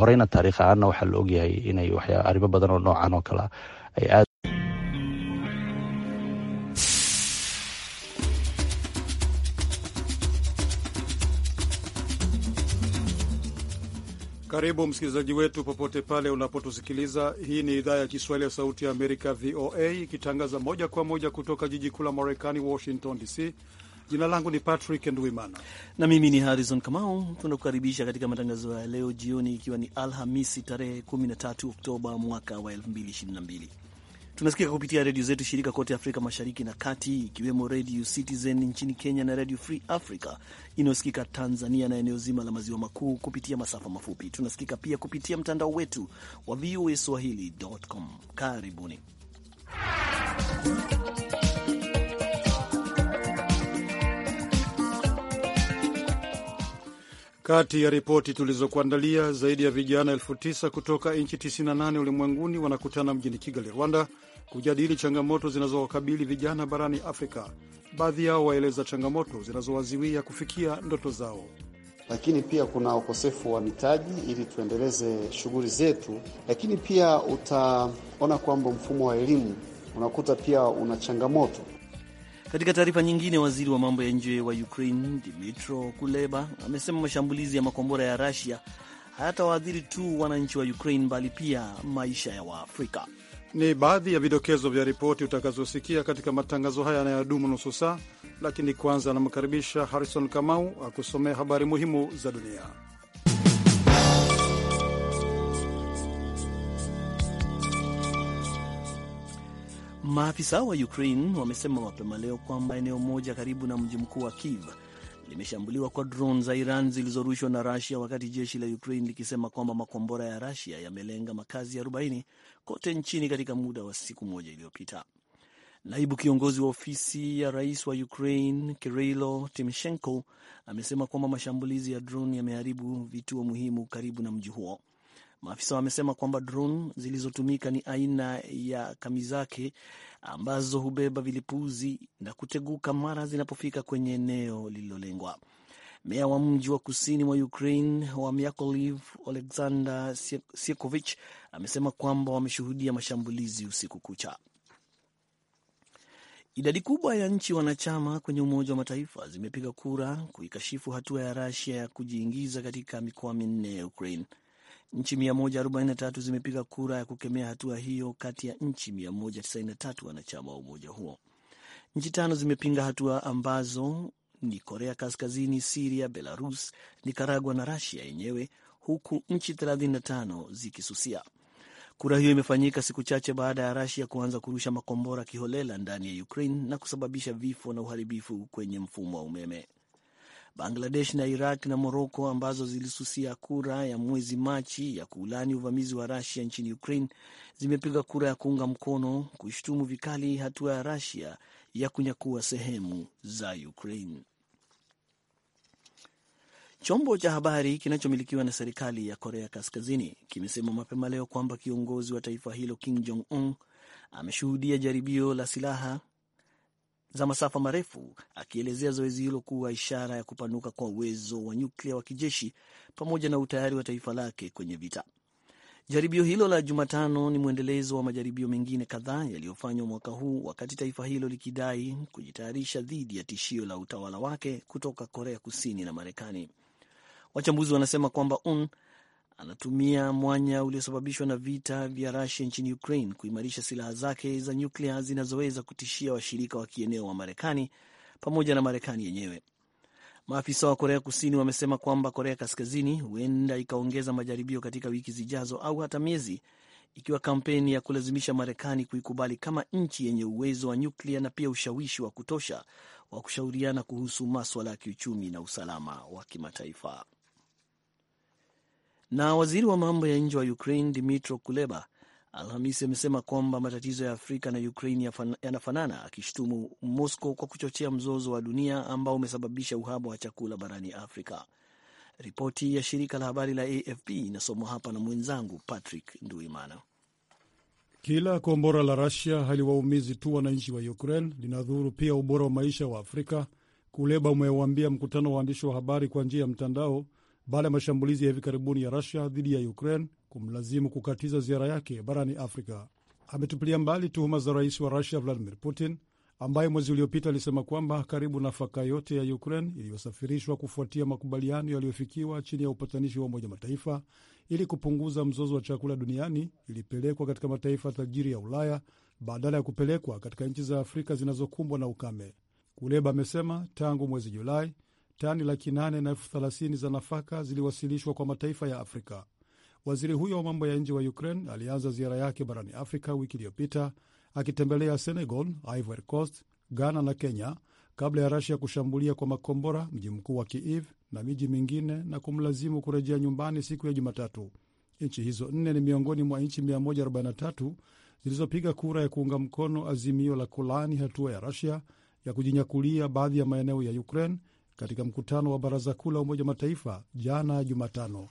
horeyna taariikh ahaanna waxaa la ogyahay inay arrimo badan oo noocan oo kale ay aad Karibu msikilizaji wetu popote pale unapotusikiliza. Hii ni idhaa ya Kiswahili ya Sauti ya Amerika, VOA, ikitangaza moja kwa moja kutoka jiji kuu la Marekani, Washington DC. Jina langu ni Patrick Nduimana na mimi ni Harrison Kamau. Tunakukaribisha katika matangazo ya leo jioni, ikiwa ni Alhamisi tarehe 13 Oktoba mwaka wa 2022. Tunasikika kupitia redio zetu shirika kote Afrika Mashariki na Kati, ikiwemo Redio Citizen nchini Kenya na Redio Free Africa inayosikika Tanzania na eneo zima la maziwa makuu kupitia masafa mafupi. Tunasikika pia kupitia mtandao wetu wa VOA Swahili.com. Karibuni Kati ya ripoti tulizokuandalia, zaidi ya vijana elfu tisa kutoka nchi 98 ulimwenguni wanakutana mjini Kigali, Rwanda, kujadili changamoto zinazowakabili vijana barani Afrika. Baadhi yao waeleza changamoto zinazowaziwia kufikia ndoto zao. Lakini pia kuna ukosefu wa mitaji ili tuendeleze shughuli zetu, lakini pia utaona kwamba mfumo wa elimu unakuta pia una changamoto katika taarifa nyingine, waziri wa mambo ya nje wa Ukraine Dmytro Kuleba amesema mashambulizi ya makombora ya Russia hayatawaadhiri tu wananchi wa Ukraine bali pia maisha ya Waafrika. Ni baadhi ya vidokezo vya ripoti utakazosikia katika matangazo haya yanayodumu nusu saa, lakini kwanza anamkaribisha Harrison Kamau akusomea habari muhimu za dunia. Maafisa wa Ukraine wamesema mapema leo kwamba eneo moja karibu na mji mkuu wa Kiev limeshambuliwa kwa drone za Iran zilizorushwa na Rusia, wakati jeshi la Ukraine likisema kwamba makombora ya Rusia yamelenga makazi 40 kote nchini katika muda wa siku moja iliyopita. Naibu kiongozi wa ofisi ya rais wa Ukraine Kirilo Timoshenko amesema kwamba mashambulizi ya drone yameharibu vituo muhimu karibu na mji huo. Maafisa wamesema kwamba drone zilizotumika ni aina ya Kamizake ambazo hubeba vilipuzi na kuteguka mara zinapofika kwenye eneo lililolengwa. Meya wa mji wa kusini mwa Ukraine wa Mykolaiv, Oleksandr Siekovich, amesema kwamba wameshuhudia mashambulizi usiku kucha. Idadi kubwa ya nchi wanachama kwenye Umoja wa Mataifa zimepiga kura kuikashifu hatua ya Rasia ya kujiingiza katika mikoa minne ya Ukraine. Nchi 143 zimepiga kura ya kukemea hatua hiyo kati ya nchi 193 wanachama wa umoja huo. Nchi tano zimepinga hatua ambazo ni Korea Kaskazini, Siria, Belarus, Nikaragua na Rasia yenyewe, huku nchi 35 zikisusia. Kura hiyo imefanyika siku chache baada ya Rasia kuanza kurusha makombora kiholela ndani ya Ukraine na kusababisha vifo na uharibifu kwenye mfumo wa umeme. Bangladesh na Iraq na Moroko ambazo zilisusia kura ya mwezi Machi ya kuulani uvamizi wa Rusia nchini Ukraine zimepiga kura ya kuunga mkono kushutumu vikali hatua ya Rusia ya kunyakua sehemu za Ukraine. Chombo cha habari kinachomilikiwa na serikali ya Korea Kaskazini kimesema mapema leo kwamba kiongozi wa taifa hilo Kim Jong Un ameshuhudia jaribio la silaha za masafa marefu, akielezea zoezi hilo kuwa ishara ya kupanuka kwa uwezo wa nyuklia wa kijeshi pamoja na utayari wa taifa lake kwenye vita. Jaribio hilo la Jumatano ni mwendelezo wa majaribio mengine kadhaa yaliyofanywa mwaka huu, wakati taifa hilo likidai kujitayarisha dhidi ya tishio la utawala wake kutoka Korea Kusini na Marekani. Wachambuzi wanasema kwamba Un anatumia mwanya uliosababishwa na vita vya Rusia nchini Ukraine kuimarisha silaha zake za nyuklia zinazoweza kutishia washirika wa kieneo wa Marekani pamoja na Marekani yenyewe. Maafisa wa Korea Kusini wamesema kwamba Korea Kaskazini huenda ikaongeza majaribio katika wiki zijazo au hata miezi, ikiwa kampeni ya kulazimisha Marekani kuikubali kama nchi yenye uwezo wa nyuklia na pia ushawishi wa kutosha wa kushauriana kuhusu maswala ya kiuchumi na usalama wa kimataifa. Na waziri wa mambo ya nje wa Ukraine Dmytro Kuleba Alhamisi amesema kwamba matatizo ya Afrika na Ukraine yanafanana, akishutumu Moscow kwa kuchochea mzozo wa dunia ambao umesababisha uhaba wa chakula barani Afrika. Ripoti ya shirika la habari la AFP inasomwa hapa na mwenzangu Patrick Nduimana. Kila kombora la hali haliwaumizi tu wananchi wa Ukraine, linadhuru pia ubora wa maisha wa Afrika, Kuleba umewambia mkutano wa waandishi wa habari kwa njia ya mtandao baada ya mashambulizi ya hivi karibuni ya Rusia dhidi ya Ukraine kumlazimu kukatiza ziara yake barani Afrika. Ametupilia mbali tuhuma za rais wa Rusia Vladimir Putin ambaye mwezi uliopita alisema kwamba karibu nafaka yote ya Ukraine iliyosafirishwa kufuatia makubaliano yaliyofikiwa chini ya upatanishi wa Umoja Mataifa ili kupunguza mzozo wa chakula duniani ilipelekwa katika mataifa tajiri ya Ulaya badala ya kupelekwa katika nchi za Afrika zinazokumbwa na ukame. Kuleba amesema tangu mwezi Julai tani laki nane na elfu thelathini za nafaka ziliwasilishwa kwa mataifa ya Afrika. Waziri huyo wa mambo ya nje wa Ukraine alianza ziara yake barani Afrika wiki iliyopita akitembelea Senegal, Ivory Coast, Ghana na Kenya kabla ya Rasia kushambulia kwa makombora mji mkuu wa Kiev na miji mingine na kumlazimu kurejea nyumbani siku ya Jumatatu. Nchi hizo nne ni miongoni mwa nchi 143 zilizopiga kura ya kuunga mkono azimio la kulaani hatua ya Rasia ya kujinyakulia baadhi ya maeneo ya Ukraine katika mkutano wa Baraza Kuu la Umoja Mataifa jana Jumatano.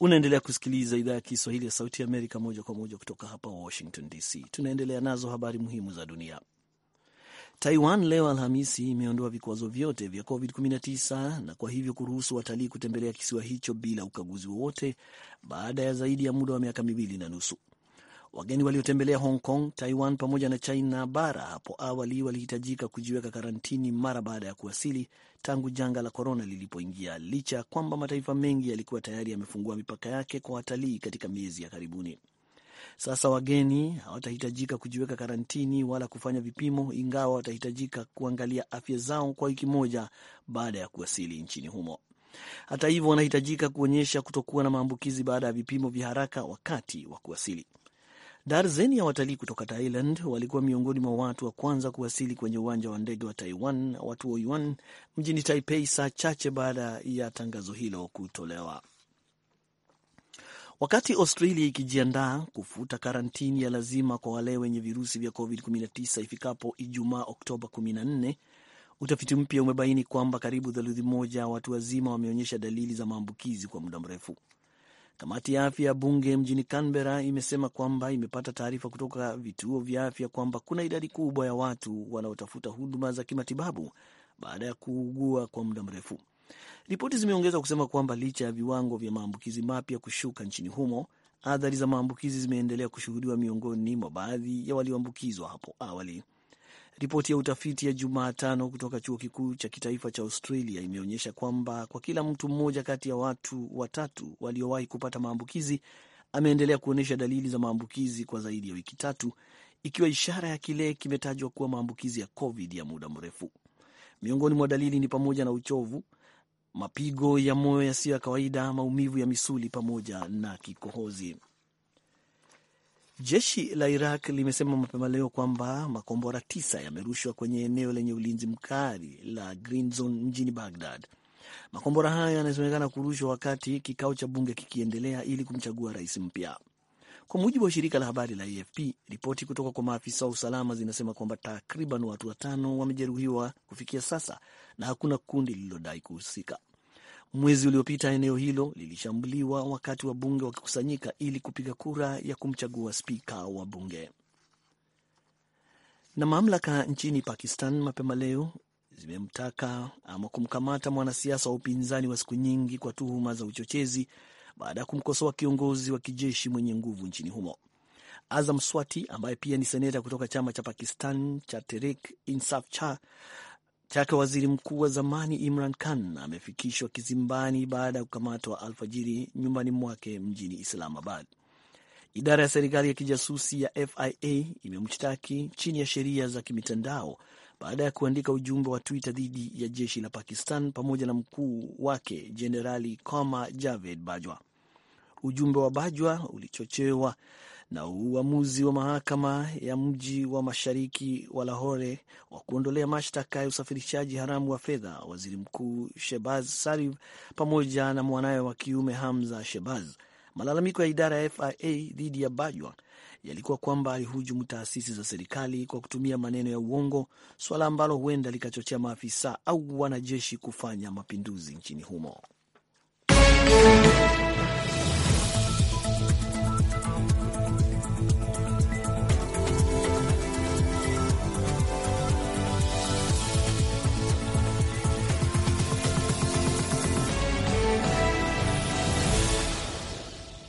Unaendelea kusikiliza idhaa ya Kiswahili ya Sauti ya Amerika moja kwa moja kutoka hapa Washington DC. Tunaendelea nazo habari muhimu za dunia. Taiwan leo Alhamisi imeondoa vikwazo vyote vya COVID-19 na kwa hivyo kuruhusu watalii kutembelea kisiwa hicho bila ukaguzi wowote baada ya zaidi ya muda wa miaka miwili na nusu. Wageni waliotembelea Hong Kong, Taiwan pamoja na China bara hapo awali walihitajika kujiweka karantini mara baada ya kuwasili tangu janga la korona lilipoingia, licha ya kwamba mataifa mengi yalikuwa tayari yamefungua mipaka yake kwa watalii katika miezi ya karibuni. Sasa wageni hawatahitajika kujiweka karantini wala kufanya vipimo, ingawa watahitajika kuangalia afya zao kwa wiki moja baada ya kuwasili nchini humo. Hata hivyo, wanahitajika kuonyesha kutokuwa na maambukizi baada ya vipimo vya haraka wakati wa kuwasili. Darzeni ya watalii kutoka Thailand walikuwa miongoni mwa watu wa kwanza kuwasili kwenye uwanja wa ndege wa Taiwan wa Yuan mjini Taipei saa chache baada ya tangazo hilo kutolewa. Wakati Australia ikijiandaa kufuta karantini ya lazima kwa wale wenye virusi vya COVID-19 ifikapo Ijumaa Oktoba 14, utafiti mpya umebaini kwamba karibu theluthi moja watu wazima wameonyesha dalili za maambukizi kwa muda mrefu. Kamati ya afya ya bunge mjini Canberra imesema kwamba imepata taarifa kutoka vituo vya afya kwamba kuna idadi kubwa ya watu wanaotafuta huduma za kimatibabu baada ya kuugua kwa muda mrefu. Ripoti zimeongeza kusema kwamba licha ya viwango vya maambukizi mapya kushuka nchini humo, athari za maambukizi zimeendelea kushuhudiwa miongoni mwa baadhi ya walioambukizwa hapo awali. Ripoti ya utafiti ya Jumatano kutoka chuo kikuu cha kitaifa cha Australia imeonyesha kwamba kwa kila mtu mmoja kati ya watu watatu waliowahi kupata maambukizi ameendelea kuonyesha dalili za maambukizi kwa zaidi ya wiki tatu, ikiwa ishara ya kile kimetajwa kuwa maambukizi ya COVID ya muda mrefu. Miongoni mwa dalili ni pamoja na uchovu, mapigo ya moyo yasiyo ya kawaida, maumivu ya misuli pamoja na kikohozi. Jeshi la Iraq limesema mapema leo kwamba makombora tisa yamerushwa kwenye eneo lenye ulinzi mkali la Green Zone mjini Bagdad. Makombora hayo yanasemekana kurushwa wakati kikao cha bunge kikiendelea ili kumchagua rais mpya. Kwa mujibu wa shirika la habari la AFP, ripoti kutoka kwa maafisa wa usalama zinasema kwamba takriban watu watano wamejeruhiwa kufikia sasa na hakuna kundi lililodai kuhusika. Mwezi uliopita eneo hilo lilishambuliwa wakati wa bunge wakikusanyika ili kupiga kura ya kumchagua spika wa bunge. Na mamlaka nchini Pakistan mapema leo zimemtaka ama kumkamata mwanasiasa wa upinzani wa siku nyingi kwa tuhuma za uchochezi baada ya kumkosoa kiongozi wa kijeshi mwenye nguvu nchini humo. Azam Swati ambaye pia ni seneta kutoka chama cha Pakistan cha Tehreek Insaf cha chake waziri mkuu wa zamani Imran Khan amefikishwa kizimbani baada ya kukamatwa alfajiri nyumbani mwake mjini Islamabad. Idara ya serikali ya kijasusi ya FIA imemshtaki chini ya sheria za kimitandao baada ya kuandika ujumbe wa Twitter dhidi ya jeshi la Pakistan pamoja na mkuu wake Jenerali Qamar Javed Bajwa. Ujumbe wa Bajwa ulichochewa na uamuzi wa mahakama ya mji wa mashariki wa Lahore wa kuondolea mashtaka ya usafirishaji haramu wa fedha waziri mkuu shebaz Sharif pamoja na mwanawe wa kiume Hamza shebaz Malalamiko ya idara ya FIA dhidi ya Bajwa yalikuwa kwamba alihujumu taasisi za serikali kwa kutumia maneno ya uongo, suala ambalo huenda likachochea maafisa au wanajeshi kufanya mapinduzi nchini humo.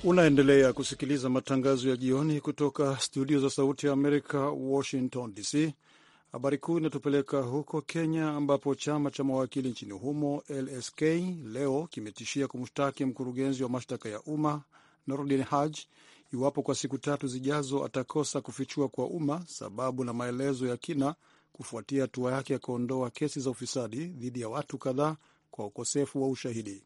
Unaendelea kusikiliza matangazo ya jioni kutoka studio za Sauti ya Amerika, Washington DC. Habari kuu inatupeleka huko Kenya, ambapo chama cha mawakili nchini humo LSK leo kimetishia kumshtaki mkurugenzi wa mashtaka ya umma nordin Haj iwapo kwa siku tatu zijazo atakosa kufichua kwa umma sababu na maelezo ya kina kufuatia hatua yake ya kuondoa kesi za ufisadi dhidi ya watu kadhaa kwa ukosefu wa ushahidi.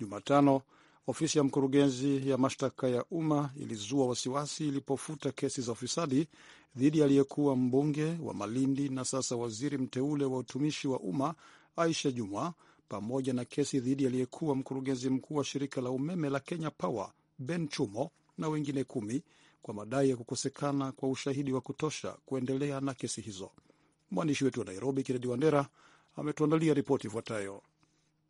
Jumatano Ofisi ya mkurugenzi ya mashtaka ya umma ilizua wasiwasi ilipofuta kesi za ufisadi dhidi ya aliyekuwa mbunge wa Malindi na sasa waziri mteule wa utumishi wa umma Aisha Jumwa, pamoja na kesi dhidi ya aliyekuwa mkurugenzi mkuu wa shirika la umeme la Kenya Power Ben Chumo na wengine kumi kwa madai ya kukosekana kwa ushahidi wa kutosha kuendelea na kesi hizo. Mwandishi wetu wa Nairobi Kennedy Wandera ametuandalia ripoti ifuatayo.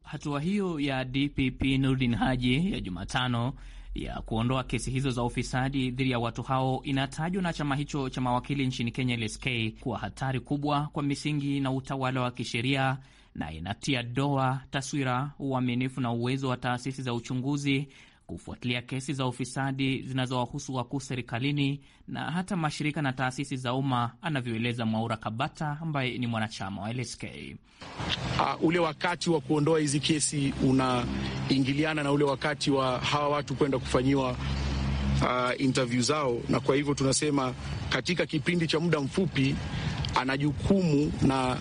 Hatua hiyo ya DPP Nurdin Haji ya Jumatano ya kuondoa kesi hizo za ufisadi dhidi ya watu hao inatajwa na chama hicho cha mawakili nchini Kenya, LSK, kuwa hatari kubwa kwa misingi na utawala wa kisheria na inatia doa taswira, uaminifu na uwezo wa taasisi za uchunguzi kufuatilia kesi za ufisadi zinazowahusu wakuu serikalini na hata mashirika na taasisi za umma, anavyoeleza Mwaura Kabata ambaye ni mwanachama wa LSK. Uh, ule wakati wa kuondoa hizi kesi unaingiliana na ule wakati wa hawa watu kwenda kufanyiwa uh, interview zao, na kwa hivyo tunasema katika kipindi cha muda mfupi ana jukumu na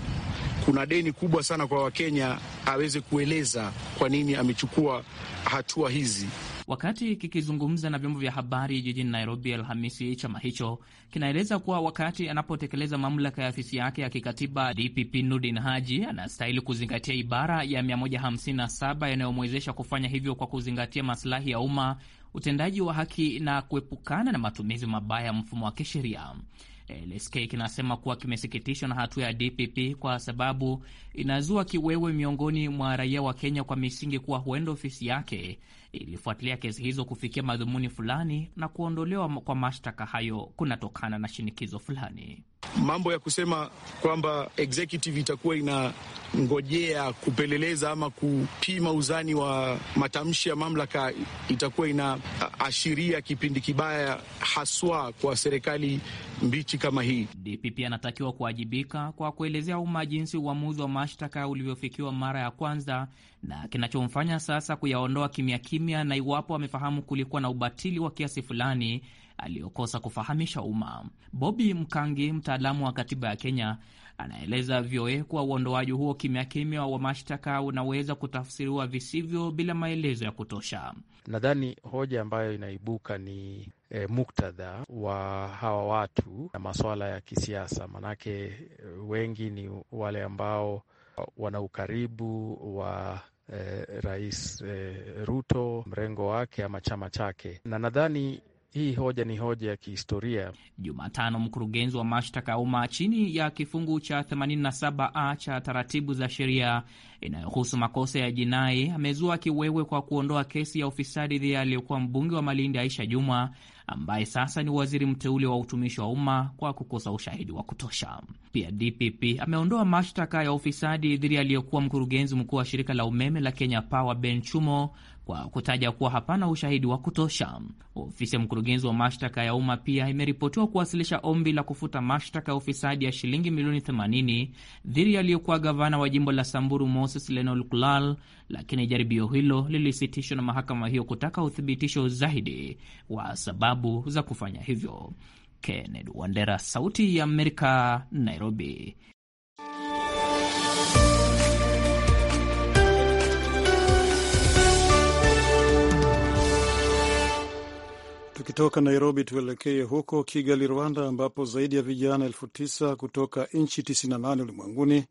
kuna deni kubwa sana kwa Wakenya aweze kueleza kwa nini amechukua hatua hizi. Wakati kikizungumza na vyombo vya habari jijini Nairobi Alhamisi, chama hicho kinaeleza kuwa wakati anapotekeleza mamlaka ya afisi yake ya kikatiba, DPP Nurdin Haji anastahili kuzingatia ibara ya 157 inayomwezesha kufanya hivyo kwa kuzingatia masilahi ya umma, utendaji wa haki na kuepukana na matumizi mabaya ya mfumo wa kisheria. LSK kinasema kuwa kimesikitishwa na hatua ya DPP kwa sababu inazua kiwewe miongoni mwa raia wa Kenya kwa misingi kuwa huenda ofisi yake ilifuatilia kesi hizo kufikia madhumuni fulani, na kuondolewa kwa mashtaka hayo kunatokana na shinikizo fulani. Mambo ya kusema kwamba executive itakuwa inangojea kupeleleza ama kupima uzani wa matamshi ya mamlaka itakuwa inaashiria kipindi kibaya haswa kwa serikali mbichi kama hii. DPP anatakiwa kuwajibika kwa kuelezea umma jinsi uamuzi wa mashtaka ulivyofikiwa mara ya kwanza na kinachomfanya sasa kuyaondoa kimya kimya, na iwapo amefahamu kulikuwa na ubatili wa kiasi fulani aliyokosa kufahamisha umma. Bobi Mkangi, mtaalamu wa katiba ya Kenya, anaeleza VOA kuwa uondoaji huo kimya kimya wa mashtaka unaweza kutafsiriwa visivyo bila maelezo ya kutosha. Nadhani hoja ambayo inaibuka ni E, muktadha wa hawa watu na masuala ya kisiasa, manake eh, wengi ni wale ambao wana ukaribu wa eh, Rais eh, Ruto, mrengo wake ama chama chake, na nadhani hii hoja ni hoja ya kihistoria. Jumatano, mkurugenzi wa mashtaka ya umma chini ya kifungu cha 87a cha taratibu za sheria inayohusu makosa ya jinai amezua kiwewe kwa kuondoa kesi ya ufisadi dhidi ya aliyekuwa mbunge wa Malindi Aisha Juma ambaye sasa ni waziri mteule wa utumishi wa umma kwa kukosa ushahidi wa kutosha. Pia DPP ameondoa mashtaka ya ufisadi dhidi ya aliyekuwa mkurugenzi mkuu wa shirika la umeme la Kenya Power Ben Chumo kwa kutaja kuwa hapana ushahidi wa kutosha. Ofisi ya mkurugenzi wa mashtaka ya umma pia imeripotiwa kuwasilisha ombi la kufuta mashtaka ya ufisadi ya shilingi milioni 80 dhidi yaliyokuwa gavana wa jimbo la Samburu Moses Lenol Kulal, lakini jaribio hilo lilisitishwa na mahakama hiyo kutaka uthibitisho zaidi wa sababu za kufanya hivyo. Kennedy Wandera, Sauti ya Amerika, Nairobi. Tukitoka Nairobi tuelekee huko Kigali, Rwanda, ambapo zaidi ya vijana elfu tisa kutoka nchi 98 ulimwenguni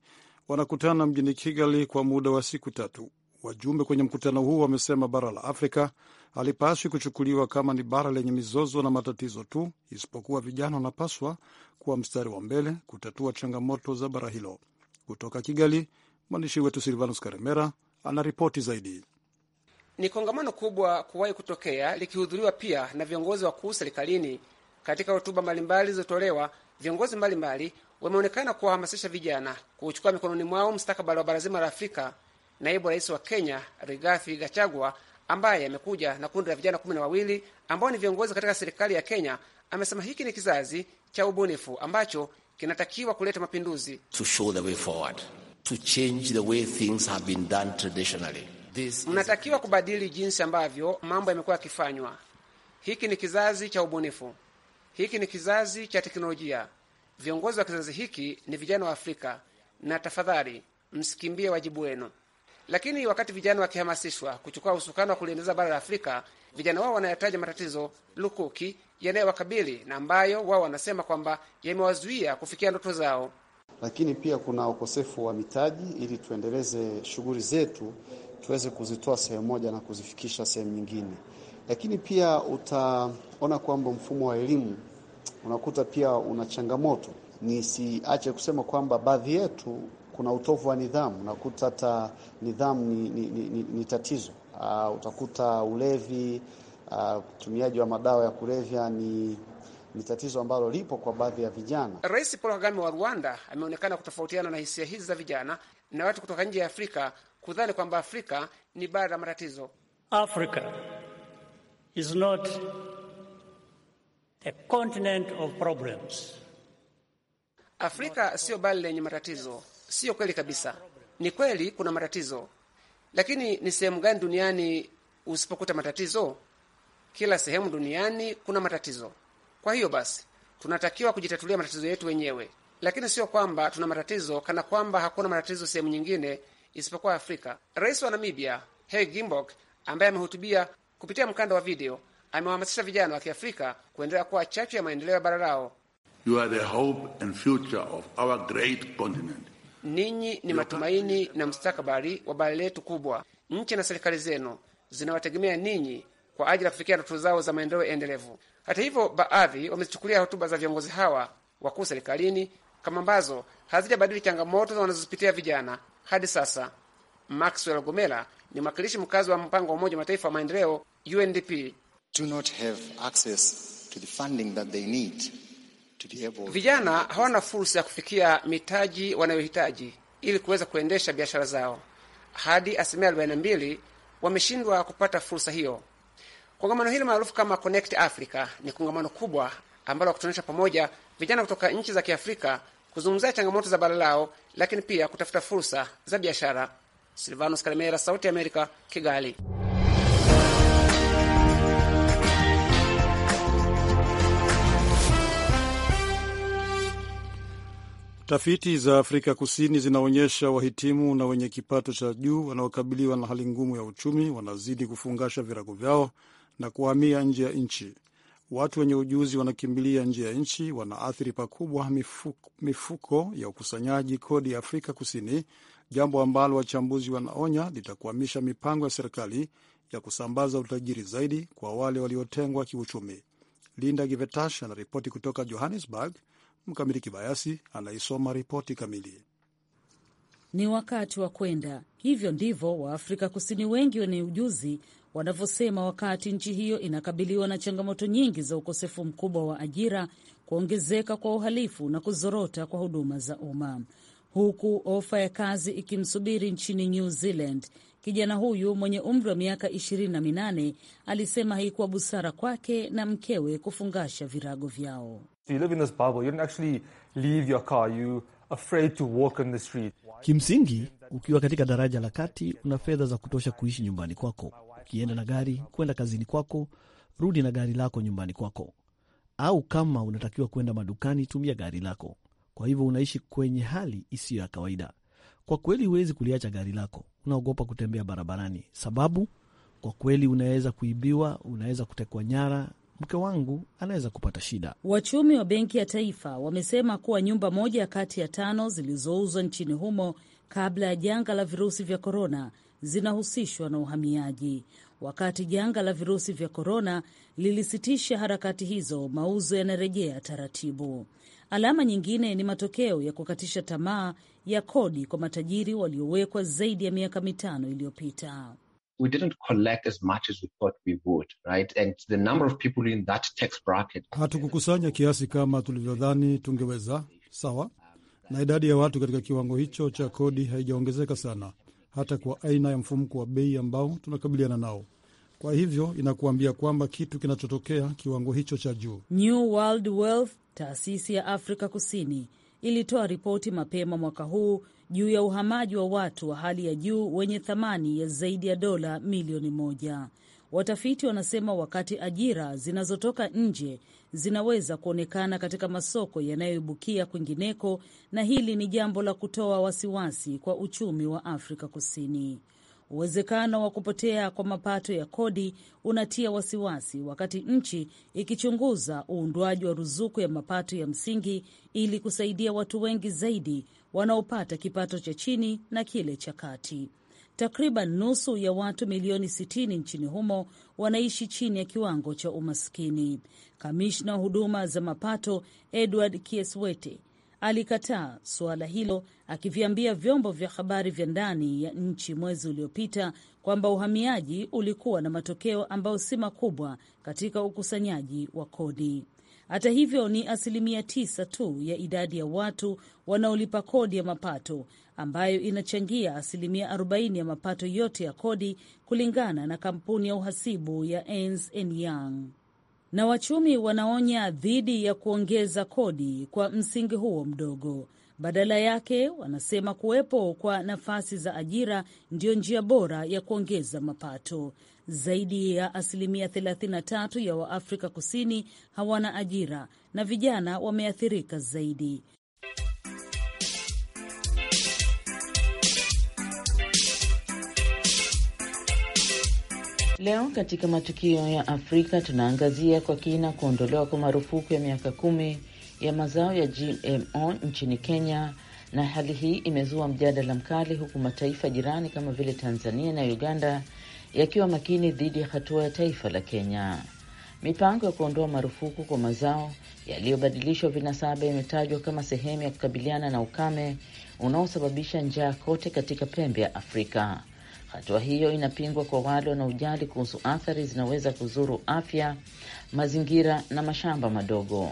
wanakutana mjini Kigali kwa muda wa siku tatu. Wajumbe kwenye mkutano huu wamesema bara la Afrika halipaswi kuchukuliwa kama ni bara lenye mizozo na matatizo tu, isipokuwa vijana wanapaswa kuwa mstari wa mbele kutatua changamoto za bara hilo. Kutoka Kigali, mwandishi wetu Silvanus Karemera anaripoti zaidi. Ni kongamano kubwa kuwahi kutokea likihudhuriwa pia na viongozi wakuu serikalini. Katika hotuba mbalimbali zilizotolewa, viongozi mbalimbali wameonekana kuwahamasisha vijana kuchukua mikononi mwao mstakabali wa bara zima la Afrika. Naibu Rais wa Kenya Rigathi Gachagua ambaye amekuja na kundi la vijana kumi na wawili ambao ni viongozi katika serikali ya Kenya amesema hiki ni kizazi cha ubunifu ambacho kinatakiwa kuleta mapinduzi to show the way forward, to change the way things have been done traditionally Mnatakiwa kubadili jinsi ambavyo mambo yamekuwa yakifanywa. Hiki ni kizazi cha ubunifu, hiki ni kizazi cha teknolojia. Viongozi wa kizazi hiki ni vijana wa Afrika, na tafadhali msikimbie wajibu wenu. Lakini wakati vijana wakihamasishwa kuchukua usukano wa kuliendeleza bara la Afrika, vijana wao wanayataja matatizo lukuki yanayowakabili na ambayo wao wanasema kwamba yamewazuia kufikia ndoto zao. Lakini pia kuna ukosefu wa mitaji ili tuendeleze shughuli zetu tuweze kuzitoa sehemu moja na kuzifikisha sehemu nyingine. Lakini pia utaona kwamba mfumo wa elimu unakuta pia una changamoto. Nisiache kusema kwamba baadhi yetu kuna utovu wa nidhamu. Unakuta hata nidhamu ni, ni, ni, ni tatizo. Uh, utakuta ulevi, ah, utumiaji uh, wa madawa ya kulevya ni ni tatizo ambalo lipo kwa baadhi ya vijana. Rais Paul Kagame wa Rwanda ameonekana kutofautiana na hisia hizi za vijana na watu kutoka nje ya Afrika kudhani kwamba Afrika ni bara la matatizo. Africa is not a continent of problems. Afrika siyo bara lenye matatizo. Siyo kweli kabisa. Ni kweli kuna matatizo, lakini ni sehemu gani duniani usipokuta matatizo? Kila sehemu duniani kuna matatizo. Kwa hiyo basi, tunatakiwa kujitatulia matatizo yetu wenyewe, lakini sio kwamba tuna matatizo kana kwamba hakuna matatizo sehemu nyingine isipokuwa Afrika. Rais wa Namibia Hage Geingob ambaye amehutubia kupitia mkanda wa video amewahamasisha vijana wa Kiafrika kuendelea kuwa chachu ya maendeleo ya bara lao. Ninyi ni matumaini na mstakabali wa bara letu kubwa. Nchi na serikali zenu zinawategemea ninyi kwa ajili ya kufikia ndoto zao za maendeleo endelevu. Hata hivyo, baadhi wamezichukulia hotuba za viongozi hawa wakuu serikalini kama ambazo hazijabadili changamoto wanazozipitia vijana hadi sasa Maxwell Gomela ni mwakilishi mkazi wa mpango wa Umoja wa Mataifa wa maendeleo UNDP. Do not have access to the funding that they need to be able... vijana hawana fursa ya kufikia mitaji wanayohitaji ili kuweza kuendesha biashara zao. Hadi asilimia 42 wameshindwa kupata fursa hiyo. Kongamano hili maarufu kama Connect Africa ni kongamano kubwa ambalo wakutanisha pamoja vijana kutoka nchi za Kiafrika kuzungumzia changamoto za bara lao, lakini pia kutafuta fursa za biashara. Silvanos Karemera, Sauti ya Amerika, Kigali. Tafiti za Afrika Kusini zinaonyesha wahitimu na wenye kipato cha juu wanaokabiliwa na hali ngumu ya uchumi wanazidi kufungasha virago vyao na kuhamia nje ya nchi. Watu wenye ujuzi wanakimbilia nje ya nchi wanaathiri pakubwa mifuko, mifuko ya ukusanyaji kodi ya Afrika Kusini, jambo ambalo wachambuzi wanaonya litakwamisha mipango ya serikali ya kusambaza utajiri zaidi kwa wale waliotengwa kiuchumi. Linda Givetash anaripoti kutoka Johannesburg. Mkamili Kibayasi anaisoma ripoti kamili. Ni wakati wa kwenda, hivyo ndivyo Waafrika Kusini wengi wenye ujuzi wanavyosema wakati nchi hiyo inakabiliwa na changamoto nyingi za ukosefu mkubwa wa ajira, kuongezeka kwa uhalifu na kuzorota kwa huduma za umma, huku ofa ya kazi ikimsubiri nchini New Zealand. Kijana huyu mwenye umri wa miaka ishirini na minane alisema haikuwa busara kwake na mkewe kufungasha virago vyao. Kimsingi, ukiwa katika daraja la kati, una fedha za kutosha kuishi nyumbani kwako ukienda na gari kwenda kazini kwako, rudi na gari lako nyumbani kwako, au kama unatakiwa kwenda madukani, tumia gari lako. Kwa hivyo unaishi kwenye hali isiyo ya kawaida kwa kweli. Huwezi kuliacha gari lako, unaogopa kutembea barabarani sababu kwa kweli unaweza kuibiwa, unaweza kutekwa nyara mke wangu anaweza kupata shida. Wachumi wa Benki ya Taifa wamesema kuwa nyumba moja kati ya tano zilizouzwa nchini humo kabla ya janga la virusi vya korona zinahusishwa na uhamiaji. Wakati janga la virusi vya korona lilisitisha harakati hizo, mauzo yanarejea taratibu. Alama nyingine ni matokeo ya kukatisha tamaa ya kodi kwa matajiri waliowekwa zaidi ya miaka mitano iliyopita. Hatukukusanya kiasi kama tulivyodhani tungeweza. Sawa na idadi ya watu katika kiwango hicho cha kodi haijaongezeka sana hata kwa aina ya mfumko wa bei ambao tunakabiliana nao. Kwa hivyo inakuambia kwamba kitu kinachotokea kiwango hicho cha juu. New World Wealth, taasisi ya Afrika Kusini, ilitoa ripoti mapema mwaka huu juu ya uhamaji wa watu wa hali ya juu wenye thamani ya zaidi ya dola milioni moja. Watafiti wanasema wakati ajira zinazotoka nje zinaweza kuonekana katika masoko yanayoibukia kwingineko, na hili ni jambo la kutoa wasiwasi kwa uchumi wa Afrika Kusini. Uwezekano wa kupotea kwa mapato ya kodi unatia wasiwasi, wakati nchi ikichunguza uundwaji wa ruzuku ya mapato ya msingi ili kusaidia watu wengi zaidi wanaopata kipato cha chini na kile cha kati. Takriban nusu ya watu milioni 60 nchini humo wanaishi chini ya kiwango cha umaskini. Kamishna wa huduma za mapato Edward Kieswete alikataa suala hilo akiviambia vyombo vya habari vya ndani ya nchi mwezi uliopita kwamba uhamiaji ulikuwa na matokeo ambayo si makubwa katika ukusanyaji wa kodi. Hata hivyo, ni asilimia tisa tu ya idadi ya watu wanaolipa kodi ya mapato ambayo inachangia asilimia 40 ya mapato yote ya kodi kulingana na kampuni ya uhasibu ya Ernst and Young. Na wachumi wanaonya dhidi ya kuongeza kodi kwa msingi huo mdogo. Badala yake wanasema kuwepo kwa nafasi za ajira ndiyo njia bora ya kuongeza mapato. Zaidi ya asilimia 33 ya Waafrika Kusini hawana ajira na vijana wameathirika zaidi. Leo katika matukio ya Afrika tunaangazia kwa kina kuondolewa kwa marufuku ya miaka kumi ya mazao ya GMO nchini Kenya, na hali hii imezua mjadala mkali, huku mataifa jirani kama vile Tanzania na Uganda yakiwa makini dhidi ya hatua ya taifa la Kenya. Mipango ya kuondoa marufuku kwa mazao yaliyobadilishwa vinasaba imetajwa kama sehemu ya kukabiliana na ukame unaosababisha njaa kote katika pembe ya Afrika. Hatua hiyo inapingwa kwa wale wanaojali kuhusu athari zinaweza kuzuru afya, mazingira na mashamba madogo,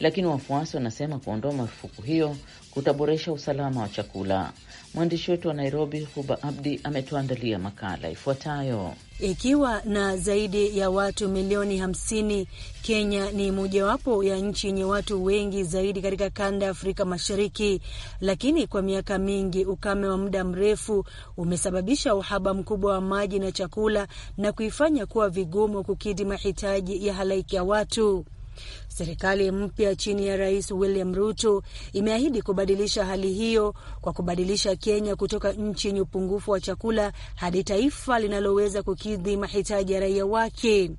lakini wafuasi wanasema kuondoa marufuku hiyo kutaboresha usalama wa chakula. Mwandishi wetu wa Nairobi, Huba Abdi, ametuandalia makala ifuatayo. Ikiwa na zaidi ya watu milioni 50, Kenya ni mojawapo ya nchi yenye watu wengi zaidi katika kanda ya Afrika Mashariki, lakini kwa miaka mingi ukame wa muda mrefu umesababisha uhaba mkubwa wa maji na chakula na kuifanya kuwa vigumu kukidhi mahitaji ya halaiki ya watu. Serikali mpya chini ya Rais William Ruto imeahidi kubadilisha hali hiyo kwa kubadilisha Kenya kutoka nchi yenye upungufu wa chakula hadi taifa linaloweza kukidhi mahitaji ya raia wake.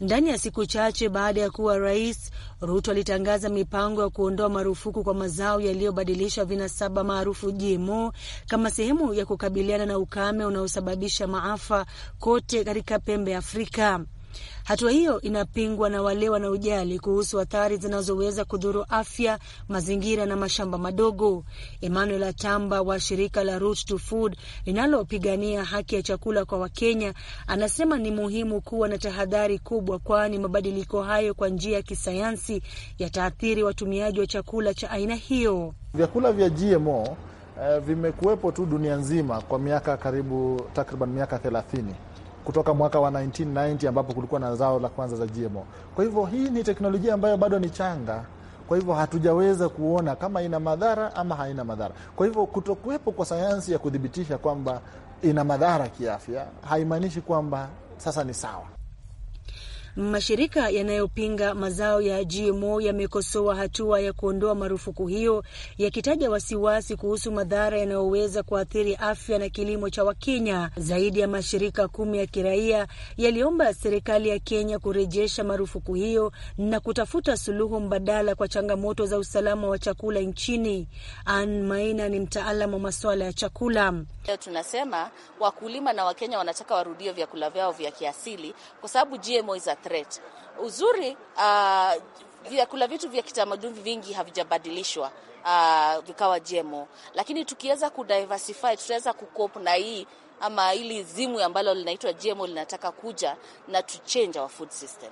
Ndani ya siku chache baada ya kuwa rais, Ruto alitangaza mipango ya kuondoa marufuku kwa mazao yaliyobadilisha vinasaba maarufu GMO kama sehemu ya kukabiliana na ukame unaosababisha maafa kote katika pembe ya Afrika. Hatua hiyo inapingwa na wale wanaojali kuhusu athari zinazoweza kudhuru afya, mazingira na mashamba madogo. Emmanuel Atamba wa shirika la Root to Food linalopigania haki ya chakula kwa Wakenya anasema ni muhimu kuwa na tahadhari kubwa, kwani mabadiliko hayo kwa njia ya kisayansi yataathiri watumiaji wa chakula cha aina hiyo. Vyakula vya GMO eh, vimekuwepo tu dunia nzima kwa miaka karibu takriban miaka thelathini kutoka mwaka wa 1990 ambapo kulikuwa na zao la kwanza za GMO. Kwa hivyo hii ni teknolojia ambayo bado ni changa, kwa hivyo hatujaweza kuona kama ina madhara ama haina madhara. Kwa hivyo kutokuwepo kwa sayansi ya kudhibitisha kwamba ina madhara kiafya haimaanishi kwamba sasa ni sawa. Mashirika yanayopinga mazao ya GMO yamekosoa hatua ya kuondoa marufuku hiyo, yakitaja wasiwasi kuhusu madhara yanayoweza kuathiri afya na kilimo cha Wakenya. Zaidi ya mashirika kumi ya kiraia yaliomba serikali ya Kenya kurejesha marufuku hiyo na kutafuta suluhu mbadala kwa changamoto za usalama wa chakula nchini. Ann Maina ni mtaalamu wa masuala ya chakula. Leo tunasema wakulima na Wakenya wanataka warudie vyakula vyao vya kiasili kwa sababu GMO threat. Uzuri uh, vyakula vitu vya kitamaduni vingi havijabadilishwa uh, vikawa jemo, lakini tukiweza kudiversify tutaweza kucope na hii ama hili zimu ambalo linaitwa jemo linataka kuja na tuchange our food system.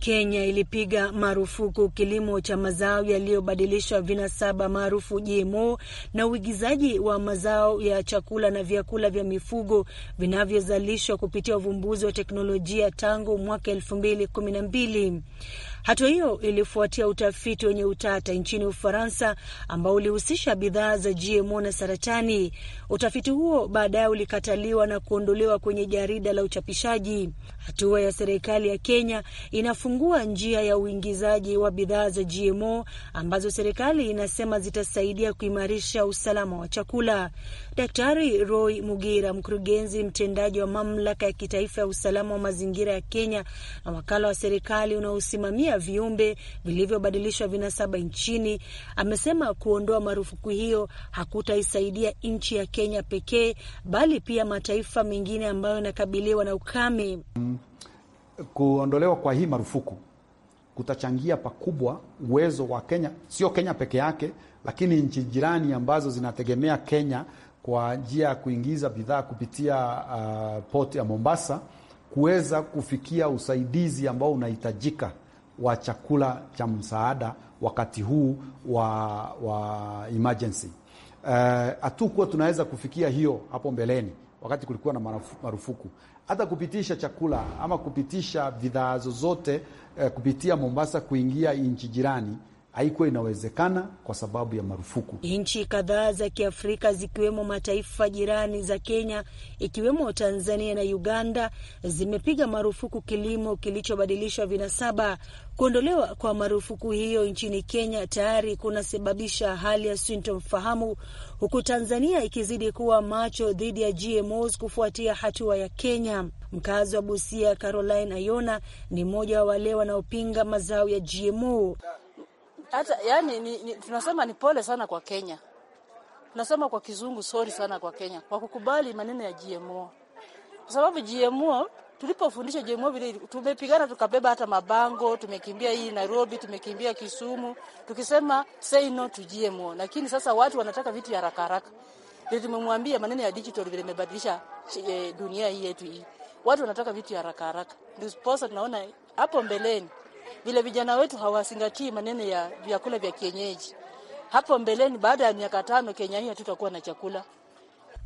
Kenya ilipiga marufuku kilimo cha mazao yaliyobadilishwa vinasaba maarufu GMO na uigizaji wa mazao ya chakula na vyakula vya mifugo vinavyozalishwa kupitia uvumbuzi wa teknolojia tangu mwaka elfu mbili kumi na mbili. Hatua hiyo ilifuatia utafiti wenye utata nchini Ufaransa ambao ulihusisha bidhaa za GMO na saratani. Utafiti huo baadaye ulikataliwa na kuondolewa kwenye jarida la uchapishaji. Hatua ya serikali ya Kenya inafungua njia ya uingizaji wa bidhaa za GMO ambazo serikali inasema zitasaidia kuimarisha usalama wa chakula. Daktari Roy Mugira, mkurugenzi mtendaji wa mamlaka ya kitaifa ya usalama wa mazingira ya Kenya na wakala wa serikali unaosimamia ya viumbe vilivyobadilishwa vinasaba nchini, amesema kuondoa marufuku hiyo hakutaisaidia nchi ya Kenya pekee, bali pia mataifa mengine ambayo yanakabiliwa na ukame. Mm, kuondolewa kwa hii marufuku kutachangia pakubwa uwezo wa Kenya, sio Kenya peke yake, lakini nchi jirani ambazo zinategemea Kenya kwa njia ya kuingiza bidhaa kupitia uh, port ya Mombasa kuweza kufikia usaidizi ambao unahitajika wa chakula cha msaada wakati huu wa, wa emergency. Eh, hatukuwa uh, tunaweza kufikia hiyo hapo mbeleni wakati kulikuwa na marufuku. Hata kupitisha chakula ama kupitisha bidhaa zozote uh, kupitia Mombasa kuingia nchi jirani haikuwa inawezekana kwa sababu ya marufuku. Nchi kadhaa za Kiafrika zikiwemo mataifa jirani za Kenya, ikiwemo Tanzania na Uganda, zimepiga marufuku kilimo kilichobadilishwa vinasaba. Kuondolewa kwa marufuku hiyo nchini Kenya tayari kunasababisha hali ya sintofahamu, huku Tanzania ikizidi kuwa macho dhidi ya GMOs kufuatia hatua ya Kenya. Mkazi wa Busia Caroline Ayona ni mmoja wa wale wanaopinga mazao ya GMO hata yani ni, ni, tunasema ni pole sana kwa Kenya, tunasema kwa kizungu sorry sana kwa Kenya kwa kukubali maneno ya GMO, kwa sababu GMO tulipofundisha GMO vile tumepigana, tukabeba hata mabango, tumekimbia hii Nairobi, tumekimbia Kisumu, tukisema say no to GMO. Lakini sasa watu wanataka vitu ya haraka haraka, vile tumemwambia maneno ya digital vile imebadilisha eh, dunia hii yetu hii, watu wanataka vitu ya haraka haraka, ndio sasa tunaona hapo mbeleni vile vijana wetu hawasingatii maneno ya vyakula vya kienyeji. Hapo mbeleni, baada ya miaka tano, Kenya hii hatutakuwa na chakula.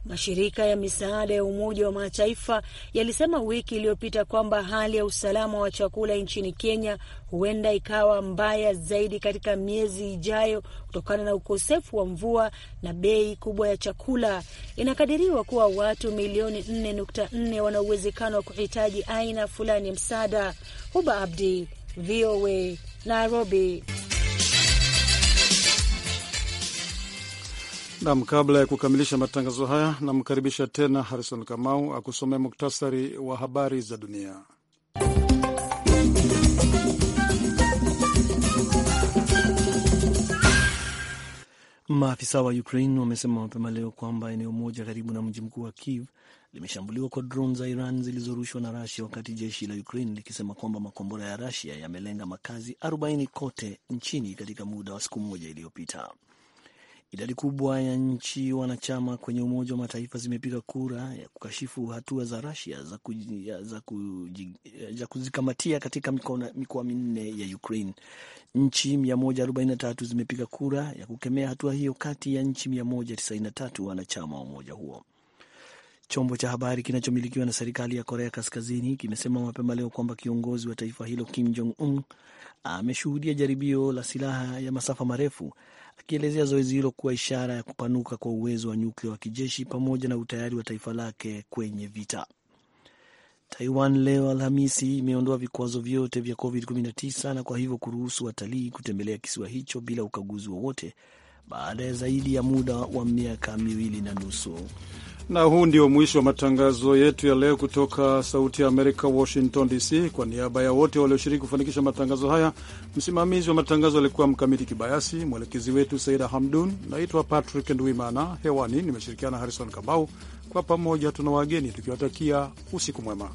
Mashirika ya misaada ya Umoja wa Mataifa yalisema wiki iliyopita kwamba hali ya usalama wa chakula nchini Kenya huenda ikawa mbaya zaidi katika miezi ijayo kutokana na ukosefu wa mvua na bei kubwa ya chakula. Inakadiriwa kuwa watu milioni 4.4 wana uwezekano wa kuhitaji aina fulani ya msaada. Huba Abdi, VOA Nairobi. Nam, kabla ya kukamilisha matangazo haya, namkaribisha tena Harrison Kamau akusomea muktasari wa habari za dunia. Maafisa wa Ukraine wamesema mapema leo kwamba eneo moja karibu na mji mkuu wa Kiev limeshambuliwa kwa drone za Iran zilizorushwa na Rasia, wakati jeshi la Ukraine likisema kwamba makombora ya Rasia yamelenga makazi 40 kote nchini katika muda wa siku moja iliyopita. Idadi kubwa ya nchi wanachama kwenye Umoja wa Mataifa zimepiga kura ya kukashifu hatua za rasia za, za, za kuzikamatia katika mikoa minne ya Ukraine. Nchi 143 zimepiga kura ya kukemea hatua hiyo kati ya nchi 193 wanachama wa umoja huo. Chombo cha habari kinachomilikiwa na serikali ya Korea Kaskazini kimesema mapema leo kwamba kiongozi wa taifa hilo Kim Jong Un ameshuhudia jaribio la silaha ya masafa marefu, akielezea zoezi hilo kuwa ishara ya kupanuka kwa uwezo wa nyuklia wa kijeshi pamoja na utayari wa taifa lake kwenye vita. Taiwan leo Alhamisi imeondoa vikwazo vyote vya COVID-19 na kwa hivyo kuruhusu watalii kutembelea kisiwa hicho bila ukaguzi wowote baada ya zaidi ya muda wa miaka miwili na nusu. Na huu ndio mwisho wa matangazo yetu ya leo kutoka Sauti ya Amerika, Washington DC. Kwa niaba ya wote walioshiriki kufanikisha matangazo haya, msimamizi wa matangazo alikuwa Mkamiti Kibayasi, mwelekezi wetu Saida Hamdun. Naitwa Patrick Ndwimana, hewani nimeshirikiana Harrison kambau Kwa pamoja tuna wageni tukiwatakia usiku mwema.